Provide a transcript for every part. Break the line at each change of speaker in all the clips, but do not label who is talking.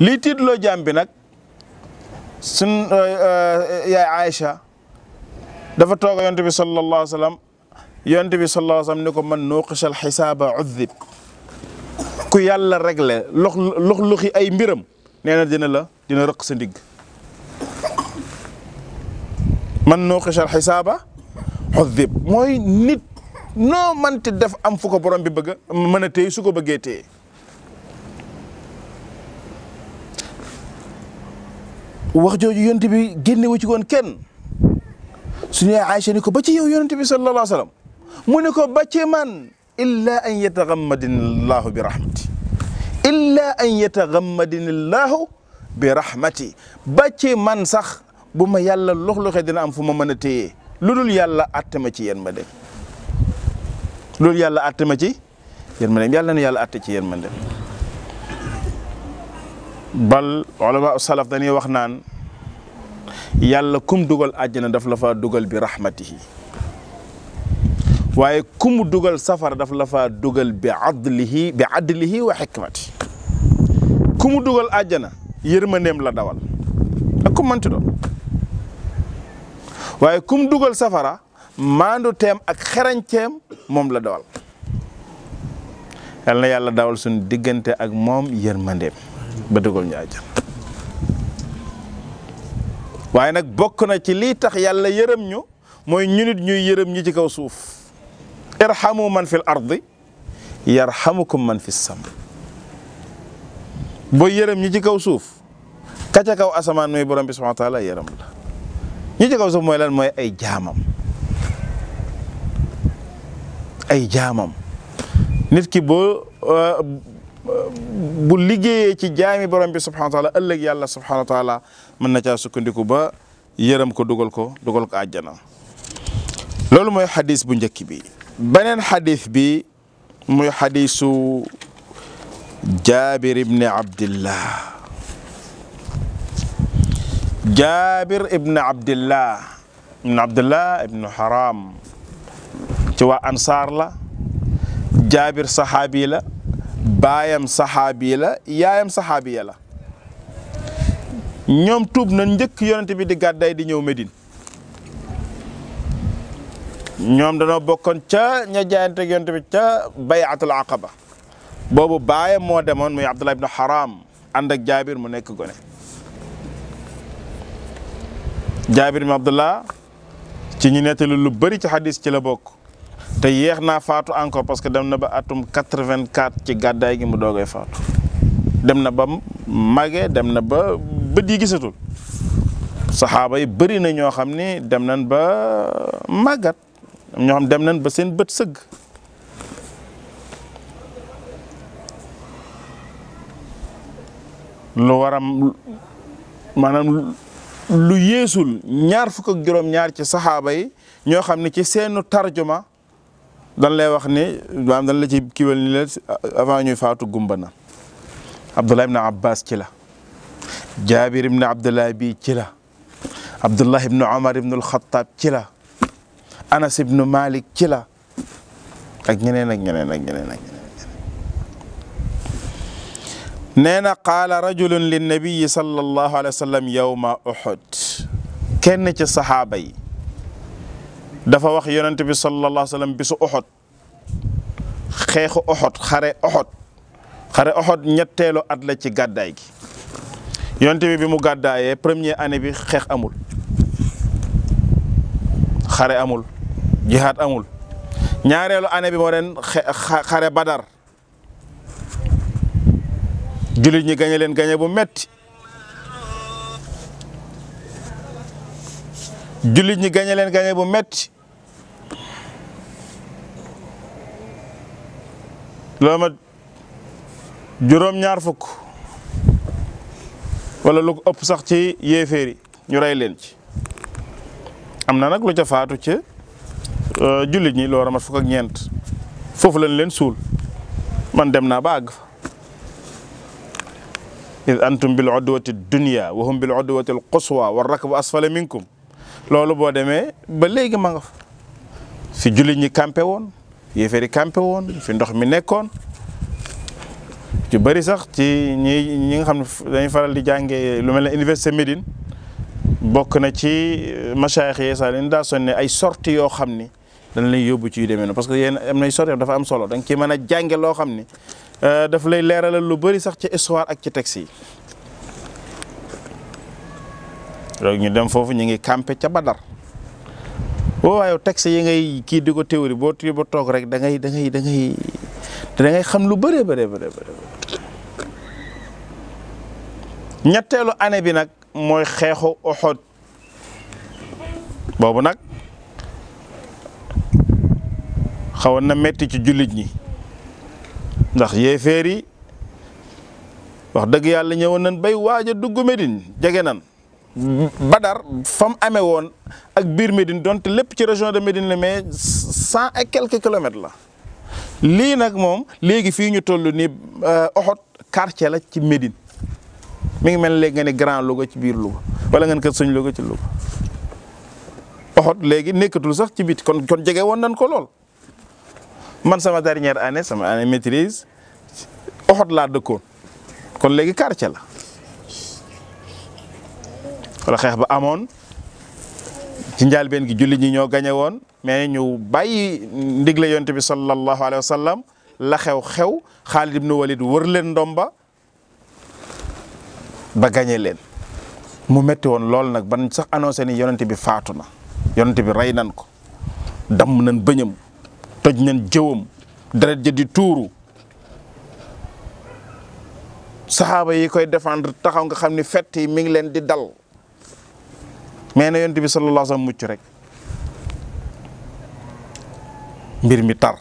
lii tiitloo jaam bi nag sun uh, uh, yaay Aïcha dafa toog a yonent bi sallallahu alayhi wa sallam yonent bi sallallahu alayhi wa sallam ni ko man nuuqishal xisaaba udhib ku yàlla réglé lox lox loxi ay mbiram nee na dina la dina rëq sa ndigg man nuuqishal xisaaba udhib mooy nit noo mënti def am fu ko borom bi bëgg a mën a téye su ko bëggee téye wax jooju yonent bi génne wu ci woon kenn suñu yaay Aïcha ni ko ba ci yow yonent bi sallallahu alayhi mu ne ko ba ci man illa an yatagammadini llahu bi rahmati illa an yatagammadini llahu bi rahmati ba ci man sax bu ma yàlla lox-loxee dina am fu ma mën a téye lu dul yàlla atte ma ci yéen ma loolu yàlla atte ma ci yéen ma dem yàlla na yàlla atte ci yéen ma dem bal ulama salaf dañuy wax naan yàlla kum dugal àjjana daf la fa dugal bi rahmatihi waaye kum dugal safara daf la fa dugal bi adlihi bi adlihi wa xikmati kumu dugal àjjana yërmandeem la dawal ak ku mënti doon waaye kum dugal safara maandu teem ak xerañteem moom la dawal yal na yàlla dawal suñu diggante ak moom yërmandeem ba dugal ñu àjjana waaye nag bokk na ci lii tax yàlla yërëm ñu mooy ñu nit ñuy yërëm ñi ci kaw suuf irhamu man fil ardi yarhamukum man fi sam boo yërëm ñi ci kaw suuf ka ca kaw asamaan mooy borom bi subhanahu wa taala yërëm la ñi ci kaw mooy lan mooy ay jaamam ay jaamam nit ki boo euh, bu liggéeyee ci jaami borom bi subhanahu wa taala ëllëg yàlla subhanahu wa taala mën na caa sukkandiku ba yërëm ko dugal ko dugal ko àjjana loolu mooy xadis bu njëkk bi beneen xadis bi muy xadisu Jaabir ibn Abdillah Jaabir ibn Abdillah ibn Abdillah ibn Haram ci waa ansaar la Jaabir saxaabi la baayam saxaabi la yaayam saxaabiya la ñoom tuub na njëkk yonent bi di gàddaay di ñëw Medine ñoom danoo bokkoon ca ña jaayante yonent bi ca bayatul aqaba boobu baaye moo demoon muy Abdullah ibn Haram ànd ak Jaabir mu nekk gone Jaabir ibn Abdullah ci ñu nettali lu bari ci xadis ci la bokk te yéex naa faatu encore parce que dem na ba atum 84 ci gàddaay gi mu doogay faatu dem na ba mage dem na ba bët yi gisatul saxaaba yi bëri na ñoo xam ni dem nañ ba màggat ñoo xam dem nañ ba seen bët sëgg lu waram maanaam lu yeesul ñaar fukk juróom-ñaar ci saxaaba yi ñoo xam ne ci seenu tarjuma dan lay wax ni maanaam dan la ci kiwal ni la avant ñuy faatu gumba na Abdullah ibn Abbas ci la jaabir ibn abdullah bi ci la abdullah ibn omar ibn alxataab ci la anas ibn malik ci la ak ñeneen ak ñeneen ak ñeneen ak ñeneen nee na qaala rajulun linnabiyi sallallahu alayhi wa sallam yowma uhud kenn ci saxaaba yi dafa wax yonent bi sallallahu alayhi wa sallam bisu uhud xeexu uhud xare uhud xare uhud ñetteelu at la ci gàddaay gi yonte bi bi mu gàddaaye premier année bi xeex amul xare amul jihaad amul ñaareelu année bi moo ren xare badar jullit ñi gañe leen gañe bu metti jullit ñi gañe gañe bu metti loolu ma juróom ñaar fukk wala lu ko ëpp sax ci yéeféer yi ñu rey leen ci am na nag lu ca faatu ca euh, jullit ñi loo ramat fukk ak ñeent foofu lañ leen suul man dem naa ba àgg fa id antum bil udwati dunya wa hum bil udwati al quswa wa rakbu asfala minkum loolu boo demee ba léegi ma nga fa fi jullit ñi campé woon yéeféer yi campé woon fi ndox mi nekkoon ci bëri sax ci ñi ñi nga xam ne dañuy faral di jànge lu mel ne université Médine bokk na ci euh, machaayix yee sax dañu daa sonne ay sorties yoo xam ni dañ lay yóbbu ci yu demee na parce que yéen am nay sorties dafa am solo danga nga mën a jànge xam ni euh, daf lay leeralal lu bëri sax ci histoire ak ci texte yi. donc ñu dem foofu ñu ngi campé ca Badar waaw waaye texte yi ngay kii di ko théorie boo toog rek da ngay te da xam lu bëree bëree bëri ñetteelu année bi nag mooy xeexu Uhud boobu nag xawoon na metti ci jullit ñi ndax yéeféer yi wax dëgg yàlla ñëwoon nañ bay waaja dugg Médine jege nan Badar fam amee woon ak biir Médine donte lépp ci région de Médine la mais cent et quelques kilomètres la lii nag moom léegi fii ñu toll ni euh, Oxot quartier la ci Médine mu ngi mel léegi nga ne Grand Louga ci biir Louga wala ngeen kër sëñ Louga ci Louga Oxot léegi nekkatul sax ci biti kon kon jege woon nañ ko lool man sama dernière année sama année maîtrise Oxot laa dëkkoon kon léegi quartier la wala xeex ba amoon. ci njaalbeen gi julli ñi ñoo gañe woon mais ñu bàyyi ndigle yonent bi sallallahu alayhi wa sallam la xew-xew Xaalid ibnu Walid wër leen ndomba ba gañe leen mu metti woon lool nag ban sax annoncé ni yonent bi faatu na yonent bi rey nan ko damm nan bëñam toj nan jëwam deret ja di tuuru saxaaba yi koy défendre taxaw nga xam ni fett yi mi ngi leen di dal mais na yonent bi sallallahu alayhi mucc rek mbir mi tar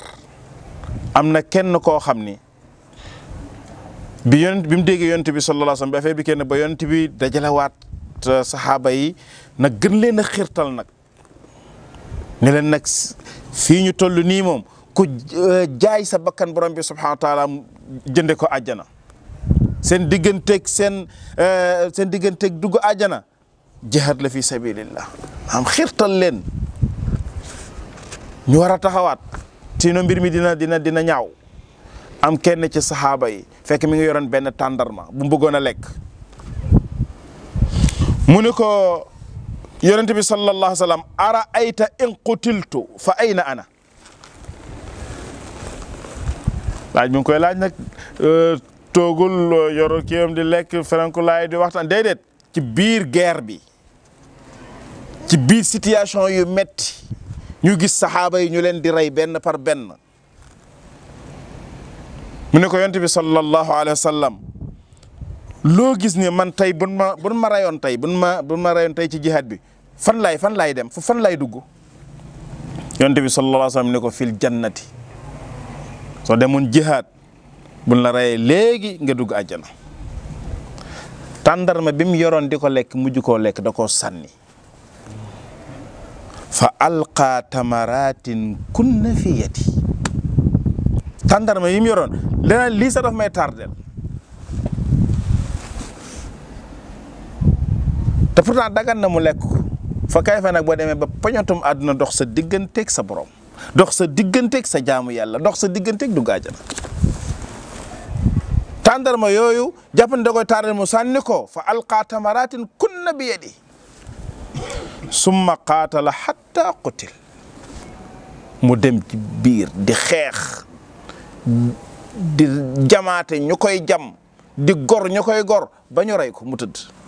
am na kenn koo xam ni bi yonent bi mu déggee yonent bi sallallahu alayhi wasallam bi affaire bi kenn ba yonent bi dajalewaat euh, saxaaba yi nag gën leen a xirtal nag ne nag fii ñu toll nii moom ku euh, jaay sa bakkan borom bi subhanahu wa taala jënde ko àjjana seen digganteeg seen euh, seen digganteeg dugg àjjana jihaad la fi sabilillah am xirtal leen ñu war a taxawaat sinon mbir mi dina dina dina ñaaw am kenn ci saxaaba yi fekk mi ngi yoroon benn tàndarma bu mu a lekk mu ne ko yonente bi sallallahu alayhi wa sallam ara ayta in qutiltu fa ayna ana laaj mi ngi koy laaj nag toogul yoru kiyam di lekk feranku laay di waxtaan déedéet ci biir guerre bi ci biir situation yu metti ñu gis saxaaba yi ñu leen di rey benn par benn mu ne ko yonent bi sallallahu alayhi wa loo gis ne man tey bu ma ma rayoon tey bun ma tey ci jihaad bi fan laay fan laay dem fu fan lay dugg yonent bi sallallahu alayhi wa sallam ko fil jannati soo demoon jihaad bun la rayee léegi nga dugg àjjana tàndarma bi mu yoroon di ko lekk mujj koo lekk da ko sànni fa alqaa tamaratin kunna fi yati tàndarma yi mu yoroon leneen lii sa daf may tardel te pourtant dagan na mu lekk fa kay fa nag boo demee ba poñatum àdduna dox sa digganteeg sa borom dox sa digganteek sa jaamu yàlla dox sa digganteek du gaajana tàndarma yooyu jàpp ne da koy tardel mu sànni ko fa alqaa tamaratin kunna bi yadi summa qaatala xatta qutil mu dem ci biir di xeex di jamaate ñu koy jam di gor ñu koy gor ba ñu rey ko mu tëdd